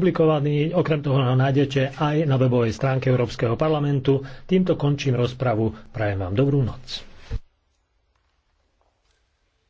publikovaný. Okrem toho ho nájdete aj na webovej stránke Európskeho parlamentu. Týmto končím rozpravu. Prajem vám dobrú noc.